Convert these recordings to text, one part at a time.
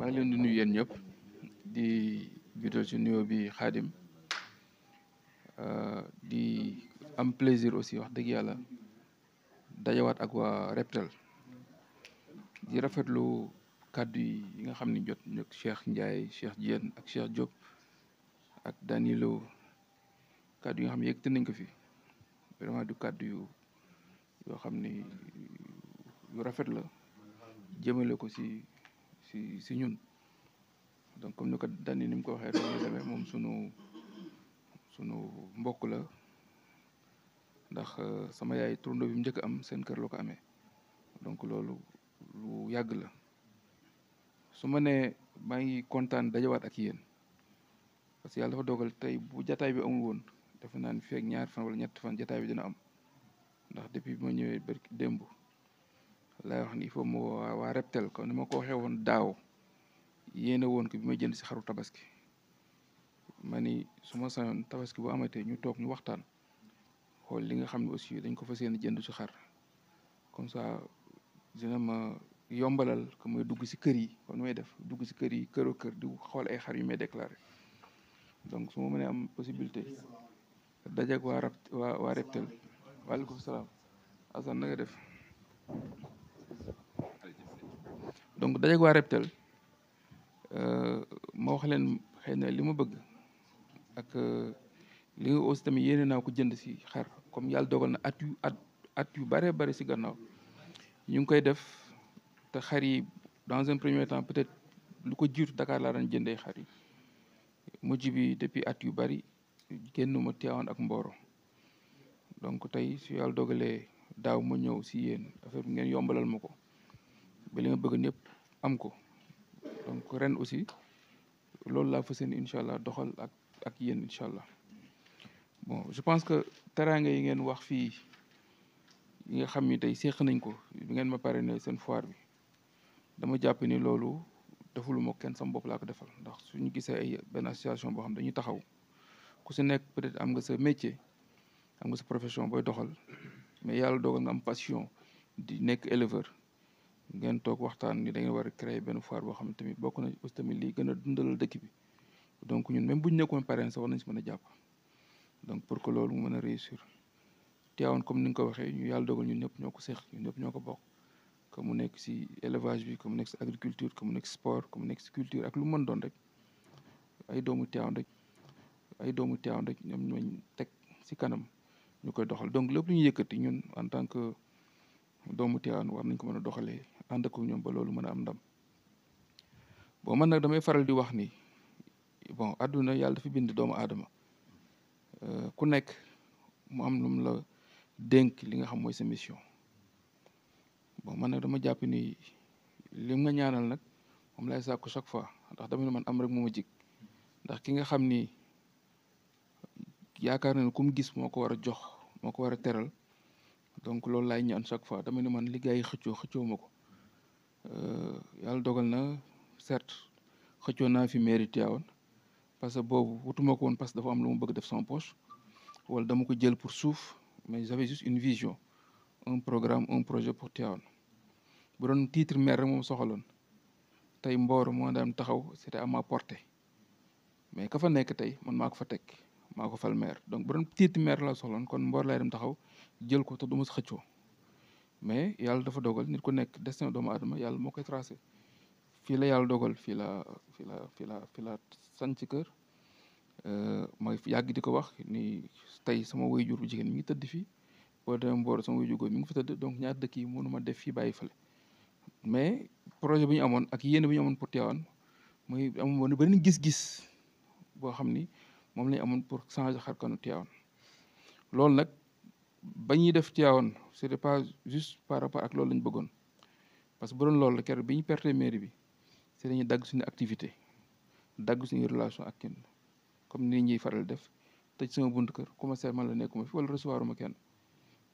maa ngi leen di nuyu ñëpp di jiital si nuyoo bi xaadim euh, di am plaisir aussi wax dëgg yàlla dajawaat ak wa Reptel di rafetlu kàddu yi nga xam ne jot ñëg Cheikh Ndiaye Cheikh Diène ak Cheikh Diop ak Danilo kàddu yi nga xam ne yëkkati nañ ko fi vraiment du kàddu yu yoo xam ni yu rafet la jëmale ko ci si si ñun donc comme ni ko dandi ni mu ko waxee dañuy moom sunu sunu mbokk la ndax euh, sama yaay turando bi mu njëkk am seen kër la ko amee donc loolu lu yàgg la su ma nee maa ngi kontaan dajawaat ak yéen parce que yàlla dafa dogal tey bu jataay bi amul woon defe naa ni feek ñaar fan wala ñett fan jataay bi dina am ndax depuis bi ma ñëwee démb lay wax ni il faut mu waa reptel ko ni ma ko waxee woon daaw yéene woon ko bi ma jënd si xaru tabaski ma ni su ma sañoon tabaski bu amatee ñu toog ñu waxtaan xool li nga xam ne aussi dañ ko fa yéene jënd ci xar comme ça dina ma yombalal que may dugg si kër yi kon may def dugg si kër yi këroo kër du xool ay xar yu may déclaré donc suma mënee am possibilité dajeeg waa rab waa waa reptel waaleykum salaam asan na def donc dajeeg waa Reptel euh, ma wax leen xëy na li ma bëgg ak euh, li nga aussi tamit yéene naa ko jënd si xar comme yàlla dogal na at yu yu bare bare si gannaaw ñu ngi koy def te xar yi dans un premier temps peut-être lu ko jiir Dakar laa daan jëndee xar yi mujj bi depuis at yu bari génnuma Tiwaawan ak Mboro donc tey su yàlla dogalee daaw ma ñëw si yéen affaire bi ngeen yombalal ma ko ba li nga bëgg ñëpp am ko donc ren aussi loolu laa fa seen incha allah doxal ak ak yéen incha allah bon je pense que teraanga yi ngeen wax fii yi nga xam ni tey séq nañ ko bi ngeen ma pare ne seen foire bi dama jàpp ni loolu defuluma kenn sama bopp laa ko defal ndax suñu gisee ay benn association boo xam dañuy taxaw ku si nekk peut-être am nga sa métier am nga sa profession booy doxal mais yàlla dogal nga am passion di nekk éleveur ngeen toog waxtaan ni da war a créer benn foire boo xam ne tamit bokk na aussi tamit lii gën a dundalal dëkk bi donc ñun même bu ñu nekkoon parrain sax war nañ si mën a jàpp donc pour que loolu mu mën a réussir Tivaouane comme ni nga ko waxee ñu yàlla dogal ñun ñëpp ñoo ko seex ñun ñëpp ñoo ko bokk que mu nekk si élevage bi que mu nekk si agriculture que mu nekk si sport que mu nekk si culture ak lu mën doon rek ay doomu Tivaouane rek ay doomu Tivaouane rek ñoom ñooñ teg si kanam ñu koy doxal donc lépp lu ñu yëkkati ñun en tant que doomu Tivaouane war nañ ko mën a doxalee ànd ak ñoom ba loolu mën a am ndam boo man nag damay faral di wax ni bon àdduna yàlla fi bind doomu aadama euh, ku nekk mu am lu la dénk li nga xam mooy sa boo bon man nag dama jàpp ni lim nga ñaanal nag moom lay sàkku chaque fois ndax dama ne man am rek moo ma jig ndax ki nga xam ni yaakaar na ne ku mu gis moo ko war a jox moo ko war a teral donc loolu laay ñaan chaque fois dama ne man liggéey xëcco xëccoo ma ko Euh, yàlla dogal na certes xëccoon naa fi mairie Tivaouane parce que boobu wutuma ko woon parce que dafa am lu mu bëgg def sama poche wala dama ko jël pour suuf mais j'avais juste une vision un programme un projet pour Tivaouane bu doon titre maire rek moom soxaloon tey Mboro moo daan taxaw c'était à ma portée mais ka fa nekk tey man maa ko fa teg maa ko fal maire donc bu doon titre maire la soxaloon kon mboor laay dem taxaw jël ko te du ma xëccoo. mais yàlla dafa dogal nit ku nekk destin doomu adama yàlla moo koy tracé fii la yàlla dogal fii la fii la fii la fii la sant ci kër euh, ma yàgg di ko wax ni tey sama waajur bu jigéen mi ngi tëdd fii boo demee mboor sama waajur góor mi ngi fa tëdd donc ñaar dëkk yi ma def fii bàyyi fale mais projet bu ñu amoon ak yéene bu ñu amoon pour Tivaouane muy amoon beneen gis-gis boo xam ni moom la amoon pour changer xar kanu Tivaouane loolu nag ba ñuy def Tivaouane c'était pas juste par rapport ak loolu lañ bëggoon parce que bu doon loolu keroog bi ñu perte mairie bi c'est dañuy dagg suñu activité dagg suñu relation ak kenn comme ni ñuy faral def tëj sama buntu kër commencé man la nekkuma fi wala recevoir ma kenn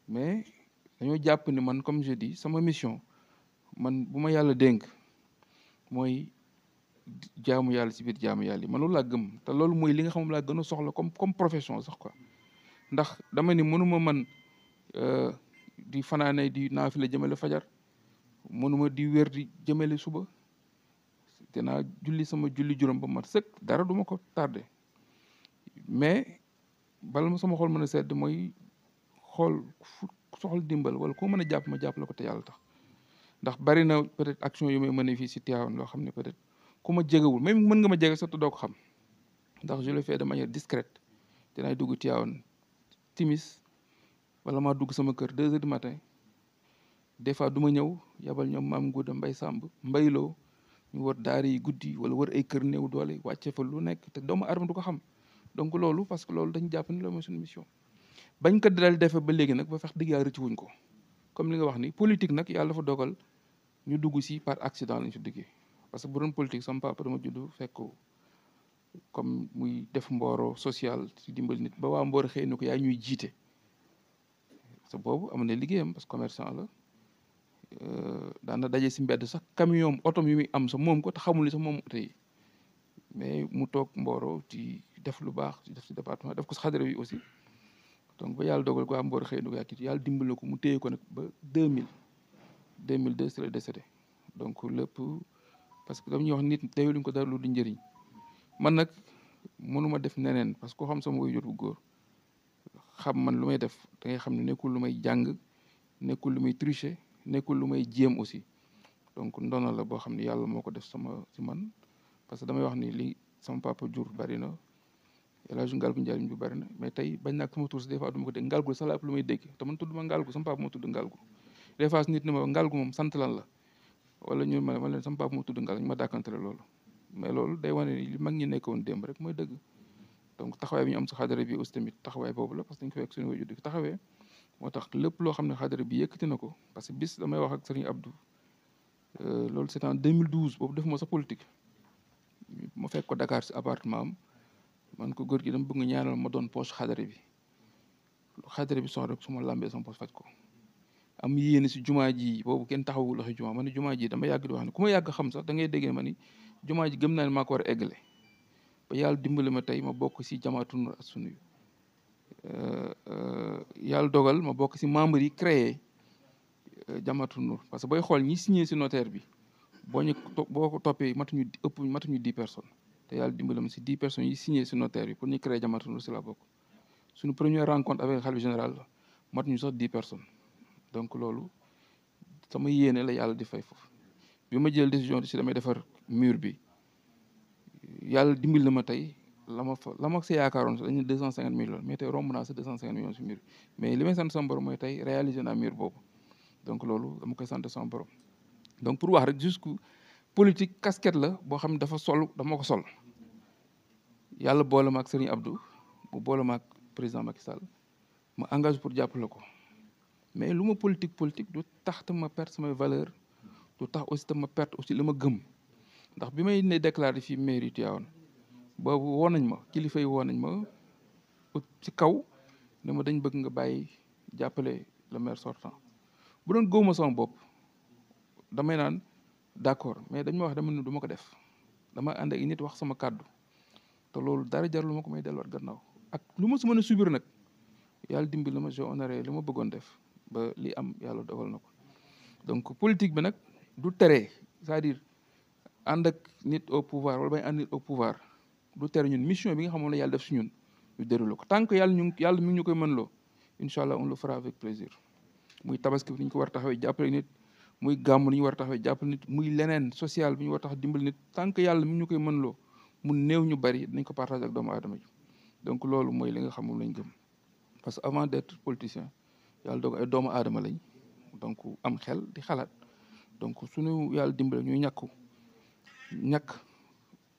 mais dañoo jàpp ni man comme je dis sama mission man bu ma yàlla dénk mooy jaamu yàlla ci biir jaamu yàlla yi man loolu laa gëm te loolu mooy li nga xam laa gën a soxla comme comme profession sax ko ndax dama ni mënuma man euh, di fanaanee di naafila jëmale fajar mënuma di wér di jëmale suba dinaa julli sama julli juróom ba mat sëkk dara duma ko tardé mais bala ma sama xool mën a sedd mooy xool fu soxal dimbal wala koo mën a jàpp ma jàpp la ko te yàlla tax ndax bari na peut-être action yu may mën loo xam ne peut-être ku ma jegewul même mën nga ma jege sax te doo xam ndax je le fais de manière discrète dinaay dugg Tivaouane timis wala maa dugg sama kër deux heures du matin des fois du ma ñëw yabal ñoom maam Ngouda Mbay Sàmb mbayloo ñu wër daara yi guddi wala wër ay kër néew doole wàcce fa lu nekk te doomu aadama du ko xam donc loolu parce que loolu dañ jàpp ni loolu ma suñu mission. bañ ko dal defee ba léegi nag ba fex dëgg yaa rëcc wuñ ko comme li nga wax ni politique nag yàlla fa dogal ñu dugg si par accident lañ si duggee parce que bu doon politique sama papa dama judd fekk comme muy def mbooro social ci dimbali nit ba waa mbooro xëy na ko yaa ñuy jiite sa boobu am na liggéeyam parce que commerçant la euh, daana daje si mbedd sax camion otom yu muy am sa moom ko te xamul ni moom oto yi mais mu toog mbooro ti def lu baax ci def si département def ko si xadara bi aussi donc ba yàlla dogal ko waa mbooro xëy na ko yaa kii yàlla dimbali ko mu téye ko nag ba deux mille deux mille deux si la décédé donc lépp parce que dama ñuy wax nit teyuluñ ko dara lu du njëriñ man nag mënuma def neneen parce que ko xam sama waajur bu góor xam man lu may def da ngay xam ne nekkul lu may jàng nekkul lu may tricher nekkul lu may jéem aussi donc ndono la boo xam ne yàlla moo ko def sama si man parce que damay wax ni li sama papa jur bari na El Hadj Ngalgu Njariñ bi bari na mais tey bañ sama te man tudd ma Ngalgu sama papa moo tudd Ngalgu des fois nit ni ma Ngalgu moom sant lan la wala ñu ma ma leen sama papa moo tudd Ngalgu ñu ma dàkkantale loolu mais loolu day wane ni li mag ñi nekkoon démb rek mooy dëgg donc taxawaay bi ñu am bi aussi tamit taxawaay boobu la parce que dañu ko fekk suñu wajur di ko moo tax lépp loo xam ne xadara bi yëkkati na ko parce que bis damay wax ak Serigne Abdou euh, loolu c'est en 2012 boobu def moo sa politique ma fekk ko Dakar si appartement am man ko góor gi dama bëgg ñaanal ma doon poche xadara bi xadara bi soxla rek su ma lambee sama poche faj ko am yéene si jumaa ji boobu kenn taxawul loxo jumaa ma jumaa ji dama yàgg di wax ne ku ma yàgg xam sax da ngay déggee ma ni jumaa ji gëm naa ne maa ko war a eggale ba yàlla dimbali ma tey ma bokk si jamaatu Nuur Assunnah euh, euh, yàlla dogal ma bokk si membre yi créé euh, jamaatu Nuur parce que booy xool ñi signé si notaire bi boo ñu boo ko toppee matuñu ëpp matuñu dix personnes te yàlla dimbali ma si dix personnes yi signé si notaire bi pour ñu créé jamaatu si la bokk suñu première rencontre avec xalifa général matuñu sax dix personnes donc loolu sama yéene la yàlla di fay foofu bi ma jël décision si damay defar. mur bi yàlla dimbil na ma tey la ma fa la ma sa yaakaaroon sax dañu deux cent cinquante millions mais tey romb naa sa deux cent cinquante millions si mur mais li may sant sama borom mooy tey réalisé naa boobu donc loolu dama koy sant sama borom donc pour wax rek jusque politique casquette la boo xam ne dafa sol dama ko sol yàlla boole ma ak Serigne Abdou mu boole ma ak président Macky Sall ma engage pour la ko mais lu ma politique politique du tax tam ma perte samay valeur du tax aussi tam ma perte aussi la ma gëm ndax bi may ne déclaré fii mairie Tivaouane boobu woo nañ ma kilifa yi woo nañ ma ci kaw ne ma dañ bëgg nga bàyyi jàppale le maire sortant bu doon góoma sama bopp damay naan d'accord mais dañ ma wax dama ne du ma ko def dama ànd ak nit wax sama kàddu te loolu dara jarul ma ko may delluwaat gannaaw ak lu ma su mën a subir nag yàlla dimbi la ma j'ai honoré li ma bëggoon def ba li am yàlla dogal na ko donc politique bi nag du tere ànd ak nit au pouvoir wala bañ ànd nit au pouvoir ñun mission bi nga xamoon la yàlla def si ñun ñu déroulé ko tant yàlla ñu yàlla mi ñu koy mën loo incha allah on le fera avec plaisir muy tabaski bi ni ko war a taxawee jàppale nit muy gàmm ni ñu war a taxawee jàppale nit muy leneen social bi ñu war tax dimbali nit tant que yàlla mi ñu koy mën mun mu néew ñu bari dinañ ko partage ak doomu aadama ji donc loolu mooy li nga xam moom lañ gëm parce que avant d'être politicien yàlla doog ay doomu aadama lañ donc am xel di xalaat donc suñu yàlla dimbale ñuy ñàkku ñàkk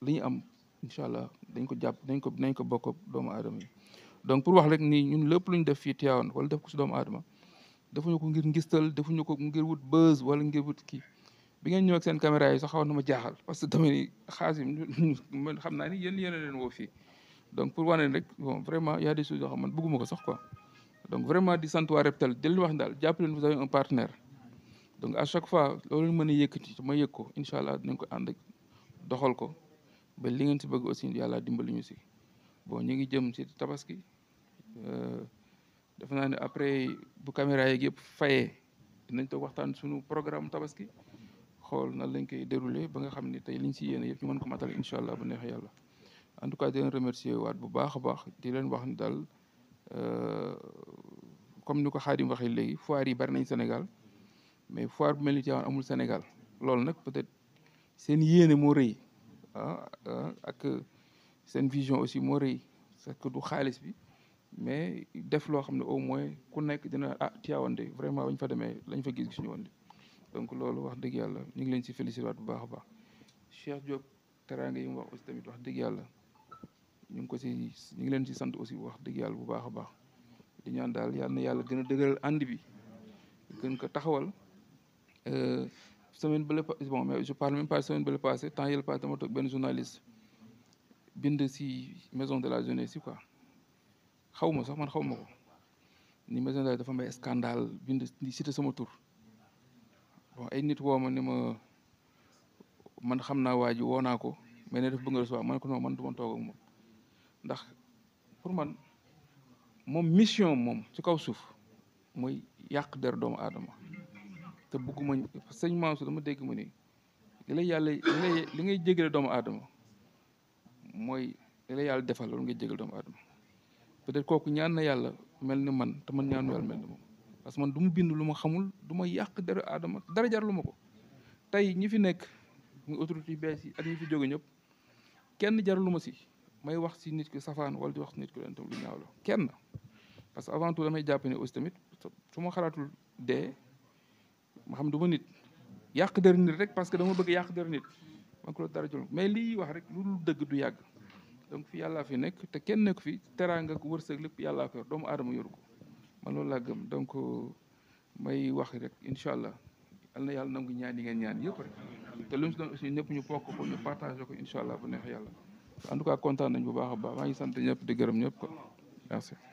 li ñu am incha allah dañ ko jàpp nañ ko dañ ko bokk doomu aadama yi donc pour wax rek nii ñun lépp lu ñu def fii Tivaouane wala def ko si doomu aadama defuñu ko ngir ngistal defuñu ko ngir wut buzz wala ngir wut kii bi ngeen ñëw seen caméra yi sax xawoon na ma jaaxal parce que dama ni man xam naa ni yéen yéen a leen woo fii donc pour wane rek bon vraiment y a des yoo xam man bëgguma ko sax ko donc vraiment di sant waa Reptel di wax daal jàpp leen vous avez un partenaire donc à chaque fois loolu mën a yëkkati ma yëg ko incha allah dinañ ko ànd doxal ko ba li ngeen si bëgg aussi yàlla dimbali ñu si bon ñu ngi jëm si tabaski euh, defe naa ne après bu caméra yeeg yëpp fayee dinañ toog waxtaan suñu programme tabaski xool na lañ koy déroulé ba nga xam ni tey liñ si yéene yëpp ñu man ko matal incha allah bu neexee yàlla en tout cas di leen remercier waat bu baax baax di leen wax ni daal euh, comme ni ko Xaadim waxee léegi foire yi bari nañ Sénégal mais foire bu mel amul Sénégal loolu nag seen yéene moo rëy ah, ah, ak seen vision aussi moo rëy sa que xaalis bi mais def loo xam ne au moins ku nekk dina ah Tivaouane de vraiment bañ fa demee lañ fa gis gisuñu woon de donc loolu wax dëgg yàlla ñu ngi leen si félicité waat bu baax a baax Cheikh Diop teraanga yi mu wax tamit wax dëgg yàlla ñu ngi ko si ñu ngi leen si sant aussi wax dëgg yàlla bu baax a baax di ñaan daal yal na yàlla gën a dëgëral ànd bi gën ko taxawal euh, semaine bële bon mais je parle même pas semaine temps yële passé dama toog benn bind si maison de la jeunesse yi quoi xaw ma sax man xaw ma ko ni maison de la dafa may scandale bind ni cité sama tur bon ay nit woo ma ni ma man xam naa waa ji woo naa ko mais ne daf bëgg a recevoir man ko man du ma toog ndax pour man moom mission moom ci kaw suuf mooy yàq der doomu aadama te bugguma sëñ Mansour dama dégg mu ni li lay li ngay jégale doomu aadama mooy li yàlla defal loolu ngay jégal doomu aadama peut-être kooku ñaan na yàlla mel ni man te man ñaanu yàlla mel ni moom parce que man du mu bind lu ma xamul du yàq dara aadama dara jar lu ma ko tey ñi fi nekk mu autorité yu bees yi ak ñi fi jóge ñëpp kenn jar lu ma si may wax si nit ki safaan wala di wax si nit ki lu ñaaw kenn parce que avant tout damay jàpp ne aussi tamit su ma xaratul dee ma xam du ma nit yàq der nit rek parce que dama bëgg yàq der nit ma ko dara jël mais lii wax rek lu dul dëgg du yàgg donc fi yàllaa fi nekk te kenn nekk fi teraanga ak wërsëg lépp yàlla ko doomu aadama yoru ko man loolu laa donc euh, may wax rek incha allah yal na yàlla nangu ñaan yi ngeen ñaan yëpp rek te lu mu si doon aussi ñëpp ñu bokk ko ñu partagé ko incha allah bu neexee yàlla en tout nañ bu baax a baax maa ngi sant ñëpp di gërëm ñëpp quoi